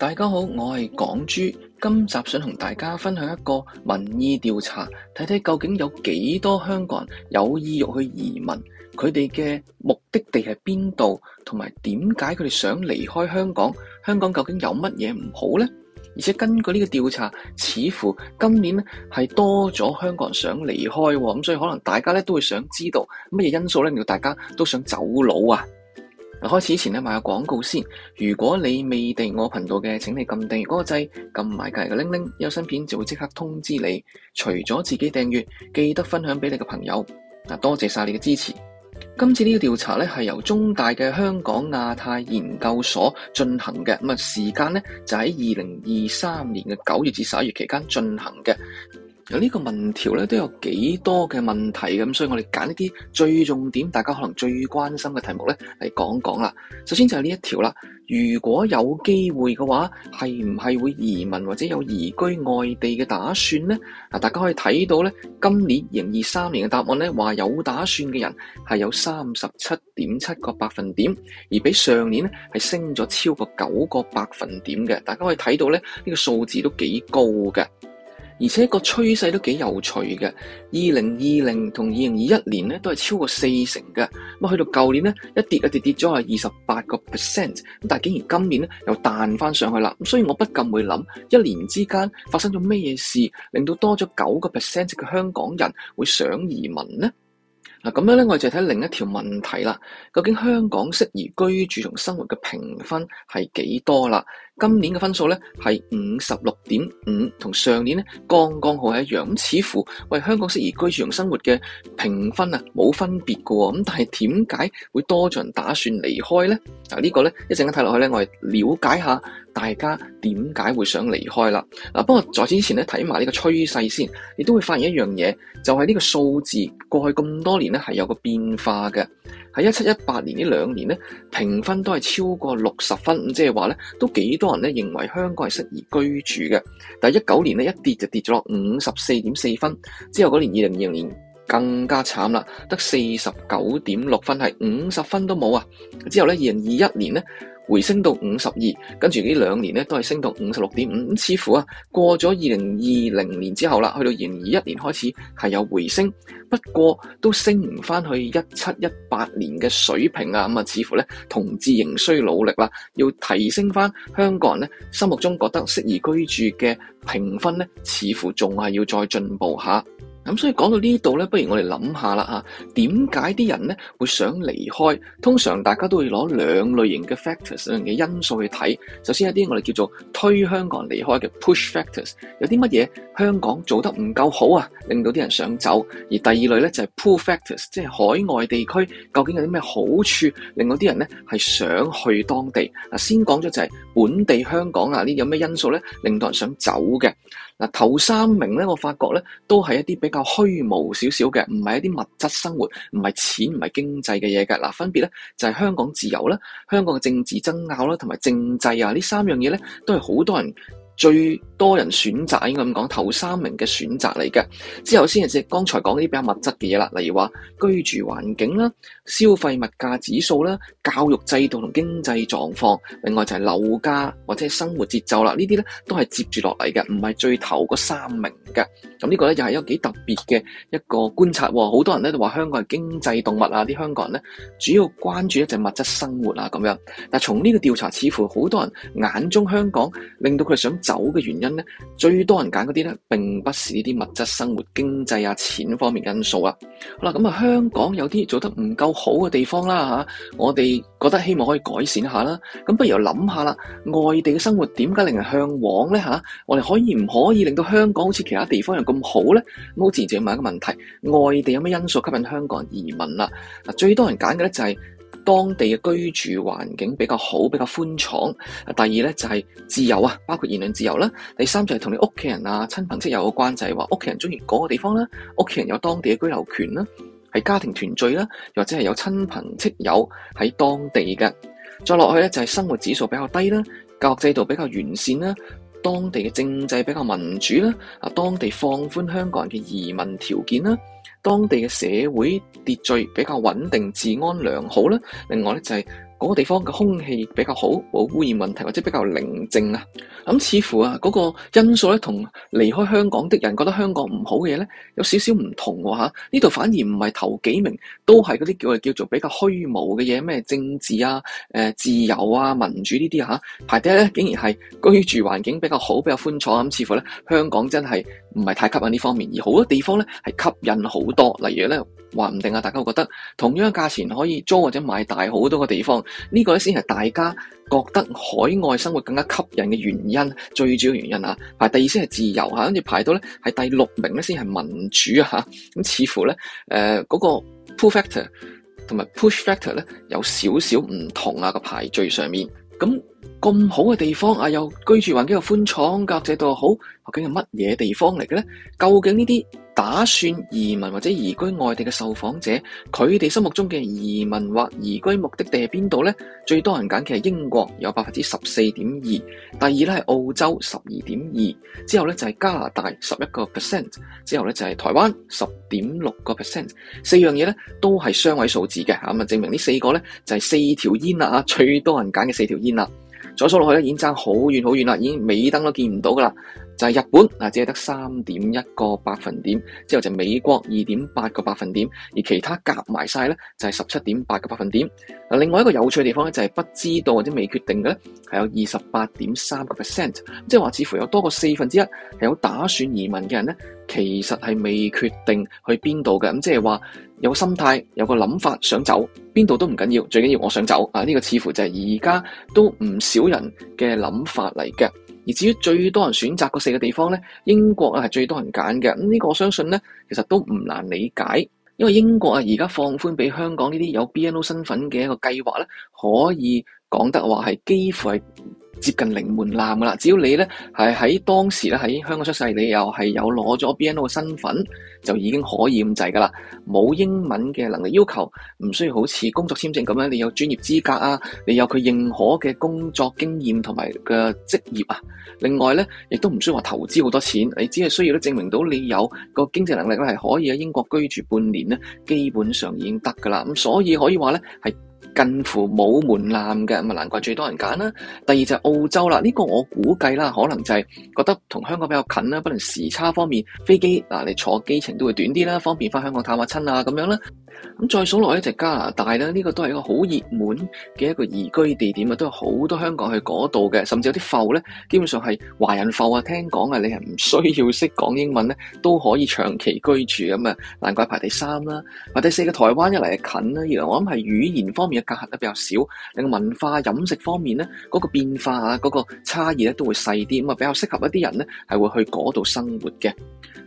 大家好，我係港豬，今集想同大家分享一個民意調查，睇睇究竟有幾多香港人有意欲去移民，佢哋嘅目的地係邊度，同埋點解佢哋想離開香港？香港究竟有乜嘢唔好呢？而且根據呢個調查，似乎今年咧係多咗香港人想離開，咁所以可能大家咧都會想知道乜嘢因素令到大家都想走佬啊？嗱，開始前咧，賣下廣告先。如果你未訂我頻道嘅，請你撳訂閱嗰個掣，撳埋隔籬嘅鈴鈴，有新片就會即刻通知你。除咗自己訂閱，記得分享俾你嘅朋友。嗱，多謝晒你嘅支持。今次呢個調查咧，係由中大嘅香港亞太研究所進行嘅，咁啊時間咧就喺二零二三年嘅九月至十一月期間進行嘅。有、這、呢個問條咧，都有幾多嘅問題咁，所以我哋揀一啲最重點，大家可能最關心嘅題目呢嚟講講啦。首先就係呢一條啦，如果有機會嘅話，係唔係會移民或者有移居外地嘅打算呢？嗱，大家可以睇到呢，今年二零二三年嘅答案呢話有打算嘅人係有三十七點七個百分點，而比上年呢係升咗超過九個百分點嘅。大家可以睇到呢，呢個數字都幾高嘅。而且個趨勢都幾有趣嘅，二零二零同二零二一年咧都係超過四成嘅，咁去到舊年咧一跌一跌跌咗係二十八個 percent，咁但係竟然今年咧又彈翻上去啦，咁所以我不禁會諗，一年之間發生咗咩嘢事令到多咗九個 percent 嘅香港人會想移民呢？嗱咁樣咧，我哋就睇另一條問題啦，究竟香港適宜居住同生活嘅評分係幾多啦？今年嘅分數咧係五十六點五，同上年咧剛剛好係一樣，咁似乎為香港適宜居住同生活嘅評分啊冇分別噶。咁但係點解會多咗人打算離開呢？嗱、這、呢個呢，一陣間睇落去呢，我哋了解一下大家點解會想離開啦。嗱，不過在此之前呢，睇埋呢個趨勢先，你都會發現一樣嘢，就係、是、呢個數字過去咁多年，是年，這年呢，係有個變化嘅。喺一七一八年呢兩年呢，評分都係超過六十分，即係話呢，都幾多。有人咧認為香港係適宜居住嘅，但係一九年咧一跌就跌咗落五十四點四分，之後嗰年二零二零年更加慘啦，得四十九點六分，係五十分都冇啊！之後咧二零二一年咧，回升到五十二，跟住呢兩年咧都係升到五十六點五，似乎啊過咗二零二零年之後啦，去到二零二一年開始係有回升，不過都升唔翻去一七一八年嘅水平啊，咁啊似乎咧同志仍需努力啦、啊，要提升翻香港人咧心目中覺得適宜居住嘅評分咧，似乎仲係要再進步下。咁所以講到呢度咧，不如我哋諗下啦嚇，點解啲人咧會想離開？通常大家都會攞兩類型嘅 factors 兩樣嘅因素去睇。首先一啲我哋叫做推香港人離開嘅 push factors，有啲乜嘢香港做得唔夠好啊，令到啲人想走；而第二類咧就係 pull factors，即係海外地區究竟有啲咩好處，令到啲人咧係想去當地。先講咗就係本地香港啊，呢有咩因素咧令到人想走嘅？嗱，頭三名咧，我發覺咧，都係一啲比較虛無少少嘅，唔係一啲物質生活，唔係錢，唔係經濟嘅嘢嘅。嗱、啊，分別咧就係、係、香港自由啦、香港嘅政治爭拗啦、同埋政制啊，三呢三樣嘢咧都係好多人最多人選擇應該咁講，頭三名嘅選擇嚟嘅。之後先至係，剛才講啲比較物質嘅嘢啦，例如話居住環境啦、消費物價指數啦、教育制度同經濟狀況，另外就係樓價或者生活節奏啦，呢啲咧都係接住落嚟嘅，唔係最頭嗰三名嘅。咁、這、呢個咧又係一個幾特別嘅一個觀察。好多人咧都話香港係經濟動物啊，啲香港人咧主要關注一就物質生活啊咁樣。但從呢個調查，似乎好多人眼中香港令到佢想走嘅原因。最多人揀嗰啲咧，並不是呢啲物質生活、經濟啊、錢方面的因素啊。好啦，咁、嗯、啊，香港有啲做得唔夠好嘅地方啦，吓、啊，我哋覺得希望可以改善一下啦。咁、啊、不如諗下啦，外地嘅生活點解令人向往呢？吓、啊，我哋可以唔可以令到香港好似其他地方又咁好呢？嗯、好自然就要問一個問題：外地有咩因素吸引香港人移民啦？嗱、嗯，最多人揀嘅咧就係、是。當地嘅居住環境比較好，比較寬敞。第二呢，就係自由啊，包括言論自由啦。第三就係同你屋企人啊、親朋戚友嘅關係，話屋企人中意嗰個地方啦，屋企人有當地嘅居留權啦，係家庭團聚啦，或者係有親朋戚友喺當地嘅。再落去呢，就係生活指數比較低啦，教育制度比較完善啦。當地嘅政制比較民主啦，啊，當地放寬香港人嘅移民條件啦，當地嘅社會秩序比較穩定、治安良好啦，另外咧就係、是。嗰、那個地方嘅空氣比較好，冇污染問題，或者比較寧靜啊。咁似乎啊，嗰、那個因素咧，同離開香港的人覺得香港唔好嘅嘢咧，有少少唔同喎嚇。呢度反而唔係頭幾名，都係嗰啲叫叫做比較虛無嘅嘢，咩政治啊、呃、自由啊、民主呢啲嚇。排第一咧，竟然係居住環境比較好、比較寬敞。咁似乎咧，香港真係唔係太吸引呢方面，而好多地方咧係吸引好多。例如咧，話唔定啊，大家會覺得同樣價錢可以租或者買大好多嘅地方。呢、這個咧先係大家覺得海外生活更加吸引嘅原因，最主要原因啊。排第二先係自由吓，跟住排到咧係第六名咧先係民主吓。咁似乎咧誒嗰個 pull factor 同埋 push factor 咧有少少唔同啊。嗰個排序上面咁咁好嘅地方啊，又居住環境又寬敞，制度又好，究竟係乜嘢地方嚟嘅咧？究竟呢啲？打算移民或者移居外地嘅受訪者，佢哋心目中嘅移民或移居目的地係邊度呢？最多人揀嘅係英國，有百分之十四點二；第二咧，係澳洲十二點二；之後咧就係加拿大十一個 percent；之後咧就係台灣十點六個 percent。四樣嘢咧都係雙位數字嘅，咁啊證明呢四個咧就係四條煙啦嚇，最多人揀嘅四條煙啦。再數落去咧已經爭好遠好遠啦，已經尾燈都見唔到噶啦。就係、是、日本，嗱，只係得三點一個百分點，之後就是美國二點八個百分點，而其他夾埋晒咧就係十七點八個百分點。嗱，另外一個有趣嘅地方咧，就係、是、不知道或者未決定嘅咧，係有二十八點三個 percent，即係話似乎有多過四分之一係有打算移民嘅人咧，其實係未決定去邊度嘅。咁即係話有個心態，有個諗法想走，邊度都唔緊要，最緊要我想走。啊，呢、這個似乎就係而家都唔少人嘅諗法嚟嘅。而至於最多人選擇嗰四個地方咧，英國啊係最多人揀嘅，咁、這、呢個我相信咧，其實都唔難理解，因為英國啊而家放寬俾香港呢啲有 BNO 身份嘅一個計劃咧，可以講得話係幾乎係。接近零門檻噶啦，只要你咧係喺當時咧喺香港出世，你又係有攞咗 BNO 嘅身份，就已經可以咁滯噶啦。冇英文嘅能力要求，唔需要好似工作簽證咁樣，你有專業資格啊，你有佢認可嘅工作經驗同埋嘅職業啊。另外咧，亦都唔需要話投資好多錢，你只係需要咧證明到你有個經濟能力咧係可以喺英國居住半年咧，基本上已經得噶啦。咁所以可以話咧係近乎冇門檻嘅，咁啊難怪最多人揀啦。第二就係澳洲啦，呢、呢個我估計啦，可能就係覺得同香港比較近啦，不能時差方面，飛機嗱你坐機程都會短啲啦，方便翻香港探親、啊、下親啊咁樣啦。咁再數落一就加拿大呢，呢、這個都係一個好熱門嘅一個移居地點啊，都有好多香港去嗰度嘅，甚至有啲埠咧，基本上係華人埠啊，聽講啊，你係唔需要識講英文咧都可以長期居住咁啊，難怪排第三啦。排第四個台灣一嚟係近啦，原來我諗係語言方面。隔閡得比較少，令文化、飲食方面咧嗰、嗰個變化啊、嗰、嗰個差異咧都會細啲，咁啊比較適合一啲人咧係會去嗰度生活嘅。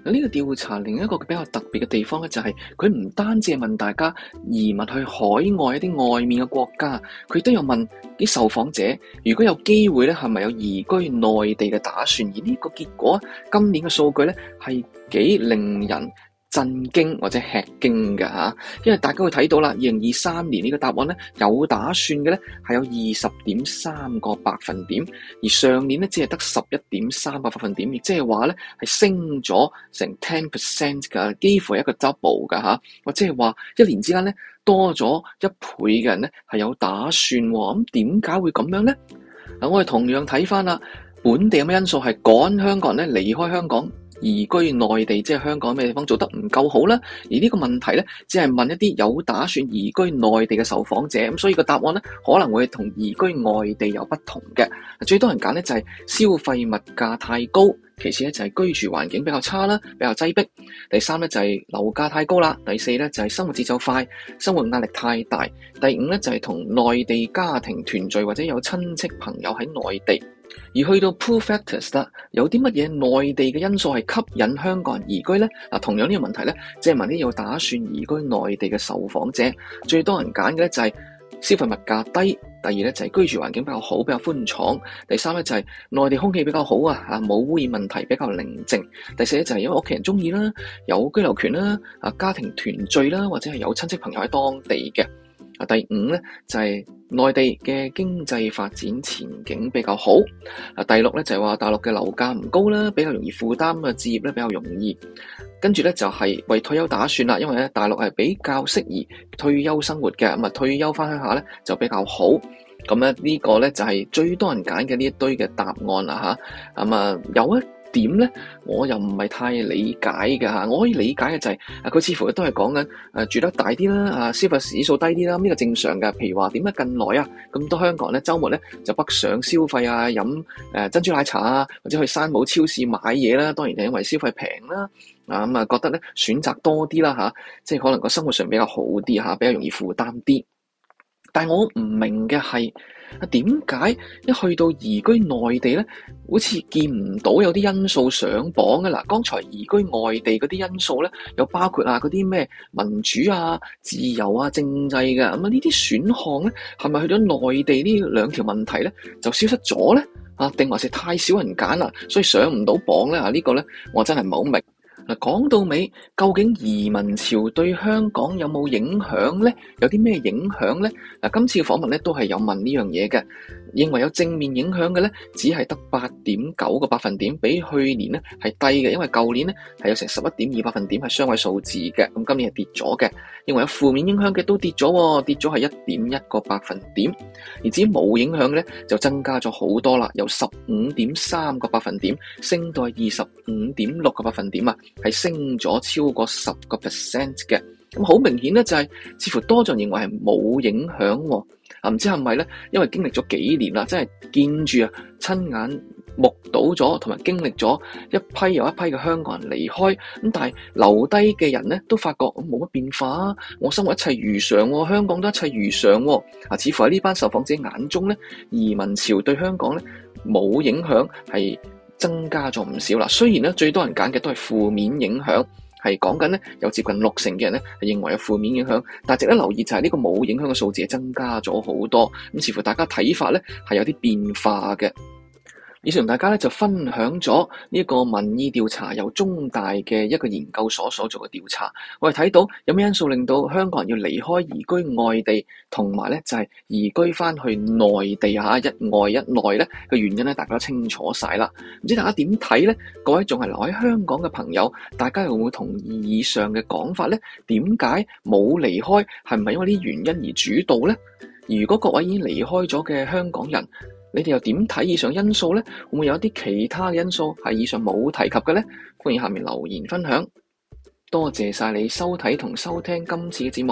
嗱、呢、呢個調查另一個比較特別嘅地方咧、就係，就係佢唔單止係問大家移民去海外一啲外面嘅國家，佢都有問啲受訪者，如果有機會咧係咪有移居內地嘅打算？而呢個結果，今年嘅數據咧係幾令人，震驚或者吃驚㗎嚇，因為大家會睇到啦，二零二三年呢個答案咧有打算嘅咧係有二十點三個百分點，而上年咧只係得十一點三個百分點，亦即係話咧係升咗成 ten percent 㗎，幾乎係一個 double 㗎嚇，或者係話一年之間咧多咗一倍嘅人咧係有打算喎，咁點解會咁樣咧？嗱，我哋同樣睇翻啦，本地有咩因素係趕香港人咧離開香港。移居內地即係香港咩地方做得唔夠好啦？而呢個問題呢，只係問一啲有打算移居內地嘅受訪者，咁所以個答案呢，可能會同移居外地有不同嘅。最多人揀呢，就係消費物價太高，其次呢，就係居住環境比較差啦，比較擠迫。第三呢，就係樓價太高啦，第四呢，就係生活節奏快，生活壓力太大。第五呢，就係同內地家庭團聚或者有親戚朋友喺內地。而去到 pull factors 啦，有啲乜嘢內地嘅因素係吸引香港人移居呢？同樣呢個問題呢，借問啲有打算移居內地嘅受訪者，最多人揀嘅呢就係消費物價低，第二呢就係居住環境比較好，比較寬敞，第三呢就係內地空氣比較好啊，啊冇污染問題，比較寧靜，第四呢就係因為屋企人中意啦，有居留權啦，啊家庭團聚啦，或者係有親戚朋友喺當地嘅。第五咧就係、是、內地嘅經濟發展前景比較好。啊，第六咧就係、是、話大陸嘅樓價唔高啦，比較容易負擔嘅置業咧比較容易。跟住咧就係、是、為退休打算啦，因為咧大陸係比較適宜退休生活嘅，咁啊退休翻鄉下咧就比較好。咁咧呢個咧就係、是、最多人揀嘅呢一堆嘅答案啦吓。咁啊有一點咧？我又唔係太理解嘅。我可以理解嘅就係啊，佢似乎都係講緊誒住得大啲啦，啊消費指數低啲啦，呢個正常嘅。譬如話點解近來啊咁多香港人呢，咧週末咧就北上消費啊，飲誒珍珠奶茶啊，或者去山姆超市買嘢啦。當然係因為消費平啦，啊咁啊覺得咧選擇多啲啦吓，即係可能個生活上比較好啲吓，比較容易負擔啲。但係我唔明嘅係。啊，點解一去到移居內地咧，好似見唔到有啲因素上榜嘅啦？剛才移居外地嗰啲因素咧，又包括啊嗰啲咩民主啊、自由啊、政制嘅咁啊，呢啲選項咧，係咪去咗內地呢兩條問題咧，就消失咗咧？啊，定還是太少人揀啦，所以上唔到榜咧？這個、呢個咧，我真係唔係好明。講到尾，究竟移民潮對香港有冇影響呢？有啲咩影響呢？嗱，今次訪問咧都係有問呢樣嘢嘅。認為有正面影響嘅咧，只係得八點九個百分點，比去年咧係低嘅，因為舊年咧係有成十一點二百分點係雙位數字嘅，咁今年係跌咗嘅。認為有負面影響嘅都跌咗，跌咗係一點一個百分點。而至於冇影響嘅咧，就增加咗好多啦，由十五點三個百分點升到係二十五點六個百分點啊，係升咗超過十個 percent 嘅。咁好明顯咧、就是，就係似乎多咗人認為係冇影響喎，啊唔知係咪咧？因為經歷咗幾年啦，真係見住啊，親眼目睹咗同埋經歷咗一批又一批嘅香港人離開，咁但係留低嘅人咧都發覺冇乜變化啊，我生活一切如常，香港都一切如常，啊似乎喺呢班受訪者眼中咧，移民潮對香港咧冇影響，係增加咗唔少啦。雖然咧最多人揀嘅都係負面影響。係講緊咧，有接近六成嘅人咧係認為有負面影響，但值得留意就係呢個冇影響嘅數字係增加咗好多，咁似乎大家睇法咧係有啲變化嘅。以上同大家咧就分享咗呢個民意調查，由中大嘅一個研究所所做嘅調查，我哋睇到有咩因素令到香港人要離開移居外地，同埋咧就係移居翻去內地吓，一外一內咧個原因咧，大家都清楚晒啦。唔知大家點睇咧？各位仲係留喺香港嘅朋友，大家又會唔會同意以上嘅講法咧？點解冇離開？係唔係因為呢啲原因而主導咧？如果各位已經離開咗嘅香港人，你哋又點睇以上因素呢？會唔會有一啲其他嘅因素係以上冇提及嘅呢？歡迎下面留言分享。多謝晒你收睇同收聽今次嘅節目。